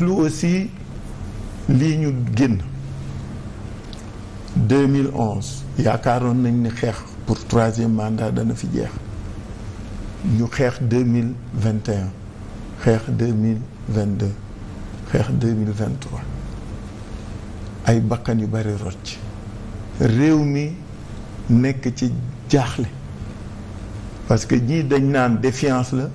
lu aussi lii ñu génn 2011 yaakaaroon nañ ni xeex pour troisième mandat dana fi jeex ñu xeex 2021 xeex 2022 xeex 2023 ay bakkan yu bari rocc réew mi nekk ci jaaxle parce que ñii dañ naan défiance la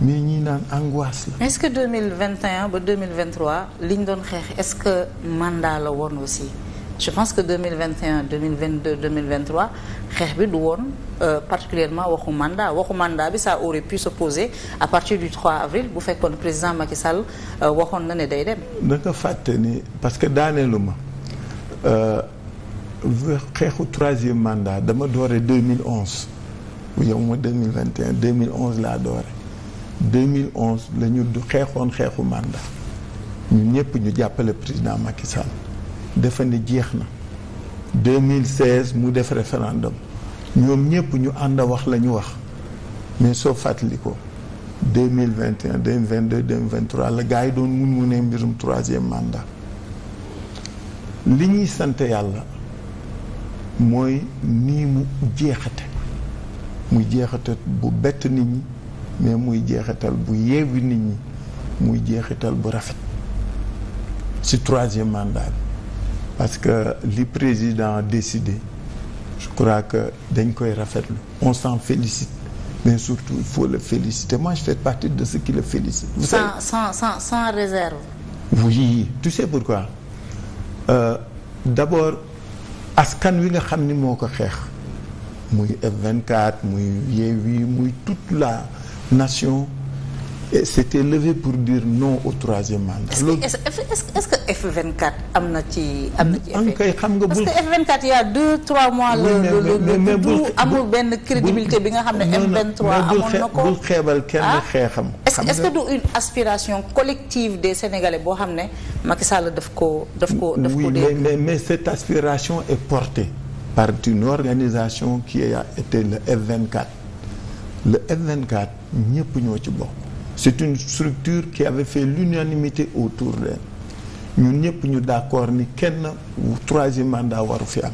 mais ñii naan angoisse la. est-ce que 2021 ba 2023 li ñu doon xeex est-ce que mandat la woon aussi je pense que 2021 2022 2023 xeex bi du woon euh, particulièrement waxu mandat waxu mandaa bi ça aurait pu se poser à partir du 3 avril bu fekkoon président Macky Sall euh, waxoon na ne day dem. da nga fàtte ni parce que daaneelu ma euh, xeexu troisième mandat dama doore 2011 yow ma 2021 2011 laa doore. 2011 la ñu xeexoon xeexu mandat ñu ñëpp ñu jàppale président Macky Sall dafa jeex na 2016 mu def référendum ñoom ñëpp ñu ànd a wax la ñu wax mais soo fàttali ko 2021 2022 2023 la gars yi doon mun mbirum troisième mandat li ñuy sante yàlla mooy nii mu jeexate mu jeexate bu bett nit ñi mais muy jeexital bu yeewi nit ñi muy jeexital bu rafet ci troisième mandat bi parce que li président décidé je crois que dañ koy rafetlu on s'en félicite mais surtout il faut le féliciter moi je fais partie de ceux qui le félicitent. vous savez sans sans sans réserve. oui tu sais pourquoi euh, d'abord askan wi nga xam ni moo ko xeex muy F24 muy Yewwi muy toute la. nation s'était levé pour dire non au troisième mandat. loolu est-ce que est-ce que F24 am na ci am na ci effet. kay xam nga bul parce que F24 y a deux trois mois. la la amul benn crédibilité bi nga xam ne F23 amoon na ko bul xeebal kenn ah? xeexam. xam nga est-ce que du une aspiration collective des Sénégalais boo xam ne Macky Sall daf ko daf ko daf ko dégg. oui mais mais cette aspiration est portée par une organisation qui a été le F24. le F24 ñëpp ñoo ci bokk c'est une structure qui avait fait l'unanimité autour d'elle ñun ñëpp ñu d'accord ni kenn troisième mandat waru fi am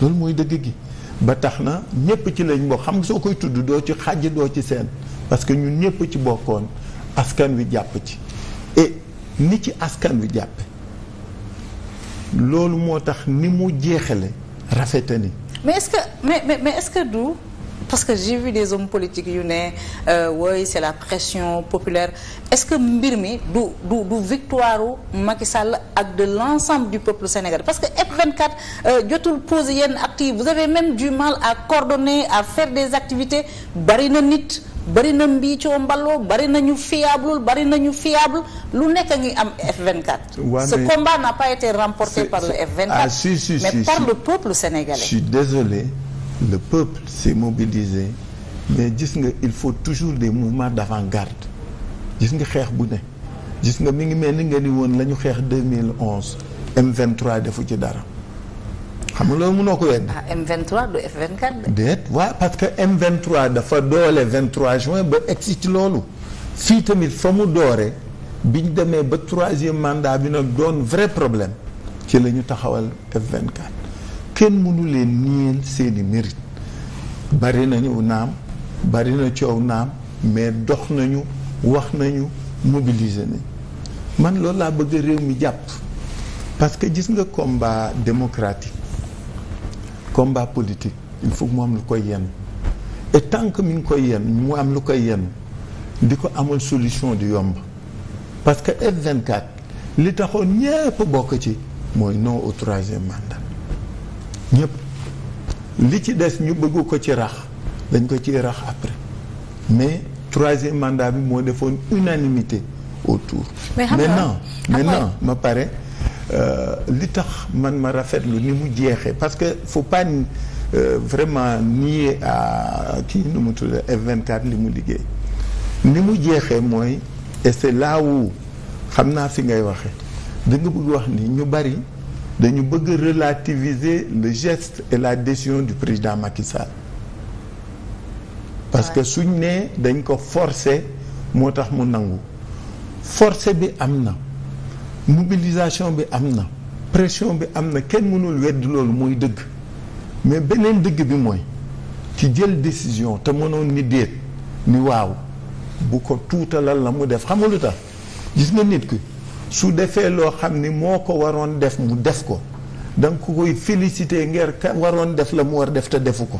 loolu mooy dëgg gi ba tax na ñëpp ci lañ bokk xam nga soo koy tudd doo ci xàjj doo ci seen parce que ñun ñëpp ci bokkoon askan wi jàpp ci et ni ci askan wi jàppe loolu moo tax ni mu jeexale rafetani mais est-ce que mais parce que j'ai vu des hommes politiques yu ne euh, oui c'est la pression populaire est-ce que mbir mi du du du victoire u Macky Sall ak de l'ensemble du peuple sénégalais parce que F24 euh, jotul poser yenn actes vous avez même du mal à coordonner à faire des activités bari na nit bari na mbiicoo mballoo bari nañu fiable bari nañu fiable lu nekk a ngi am F24. Ouais, ce combat n'a pas été remporté par le F24. Ah, mais par le peuple sénégalais. suis désolé. le peuple s'est mobilisé mais gis nga il faut toujours des mouvements d'avant-garde gis nga xeex bu ne gis nga mi ngi mel ni nga ni woon la ñu xeex 2011 M23 defu ci dara xam nga loolu mënoo ko wedd ah M23 du f parce que M23 dafa doole 23 juin ba egsi ci loolu fii tamit fa mu doore biñ demee ba troisième mandat bi nag doon vrai problème ci la ñu taxawal F24. kenn mënu leen nieen seeni mérite bari nañu naam bari na coow naam mais dox nañu wax nañu mobiliser nañ man loolu laa bëgg réew mi jàpp parce que gis nga combat démocratique combat politique il faut mu lu koy yenn et tant que mi ngi koy yenn mu am lu koy yenn di ko amul solution di yomb parce que f li taxoon ñépp bokk ci mooy non au troisième ñëpp li ci des ñu bëgg ko ci rax dañ ko ci rax après mais troisième mandat bi moo defoon unanimité autour mais maintenant maintenant ma pare euh, li tax man ma rafetlu ni mu jeexee parce que fu pas euh, vraiment nier à kii nu mu tudd F24 li mu liggéey ni mu jeexee mooy et c'est là xam naa fi ngay waxee da nga bëgg wax ni ñu bari dañu bëgg relativiser le geste et la décision du président Macky Sall parce que suñ nee dañ ko forcer moo tax mu nangu forcer bi am na mobilisation bi am na pression bi am na kenn mënul wedd loolu mooy dëgg mais beneen dëgg bi mooy ci jël décision te mënoon ni déet ni waaw bu ko tuutalal la mu def xam nga lu tax gis nga nit ki su defee loo xam ni moo ko waroon def mu def ko danga ko koy féliciter ngir ka waroon def la mu war def te defu ko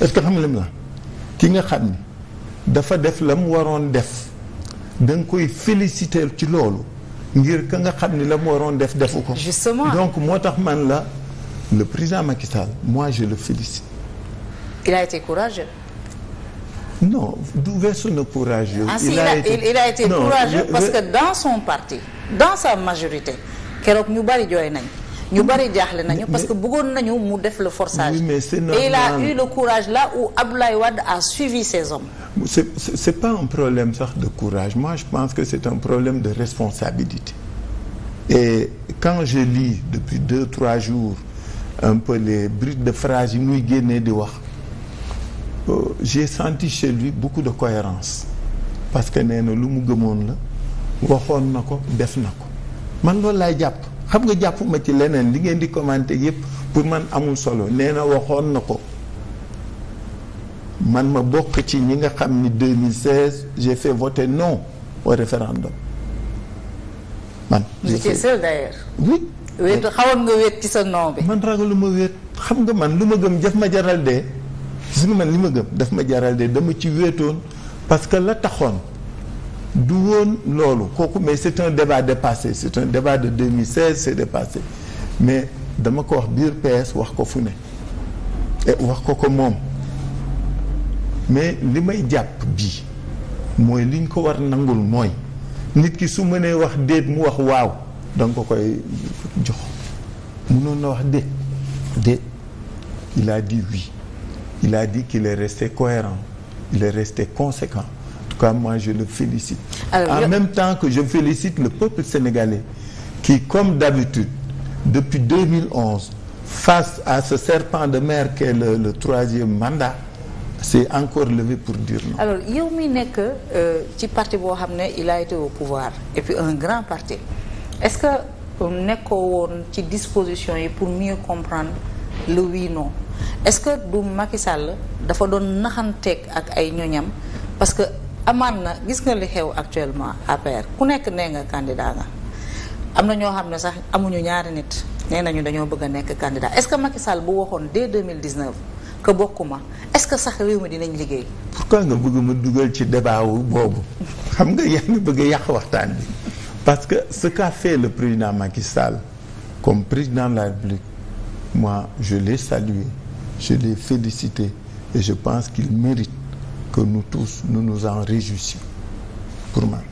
est-ce que xam lim la ki nga xam ni dafa def la mu waroon def danga koy féliciter ci loolu ngir ka nga xam ni la mu waroon def defu ko justement donc moo tax man la le président Macky mois moi je le félicite il a été courageux Non, d'où verse ne courageux. Ah, a, a été, il parce que dans son parti, dans sa majorité, keroog ñu bari jooy nañ. ñu bari jaaxle nañu parce que bëggoon nañu mu def le forçage. mais c'est normal. Et il a eu le courage là où Abdoulaye Wade a suivi ses hommes. C'est pas un problème sax de courage. Moi, je pense que c'est un problème de responsabilité. Et quand je lis depuis deux, trois jours un peu les bribes de phrases yi muy génnee di wax. Euh, j'ai senti chez lui beaucoup de cohérence parce que nee na lu mu gëmoon la waxoon na ko def na ko man loolu laay jàpp xam nga jàppuma ci leneen li ngeen di commenter yépp pour man amul solo nee na waxoon na ko man ma bokk ci ñi nga xam ni 2016 j'ai fait voter non au référendum man. vous étiez seul nga wet ci sa non bi. man lu ma wéet xam nga man lu ma gëm jëf ma jaral de gis nga man li ma gëm daf ma jaral de dama ci wéetoon parce que la taxoon du woon loolu kooku mais c'est un débat dépassé c'est un débat de 2016 c'est dépassé mais dama ko wax biir PS wax ko fu ne wax ko ko moom mais li may jàpp liñ ko war nangul mooy nit ki su mënee wax déet mu wax waaw danga ko koy jox mënoon na wax déet déet il a dit il a dit qu'il est resté cohérent il est resté conséquent en tout cas moi je le félicite Alors, en je... même temps que je félicite le peuple sénégalais qui comme d'habitude depuis 2011 face à ce serpent de mer qu'est le, le troisième mandat c'est encore levé pour dire non. alors yow mi nekk euh, ci parti boo xam ne il a été au pouvoir et puis un grand parti est-ce que euh, nekkoo woon ci disposition yi pour mieux comprendre le oui non. est-ce que du Macky Sall dafa doon naxanteeg ak ay ñoñam parce que amaan na gis nga li xew actuellement APR ku nekk nee nga candidat nga am na ñoo xam ne sax amuñu ñaari nit nee nañu dañoo bëgg a nekk candidat est-ce que Macky Sall bu waxoon dès 2019 que bokkuma est-ce que sax réew mi dinañ liggéey. pourquoi nga bëgg ma dugal ci débat wu boobu xam nga yaa ngi bëgg a yàq waxtaan bi parce que ce qu'a fait le président Macky Sall comme président la République moi je l'ai salué. je l'ai félicité et je pense qu'il mérite que nous tous nous nous en réjouissions pour moi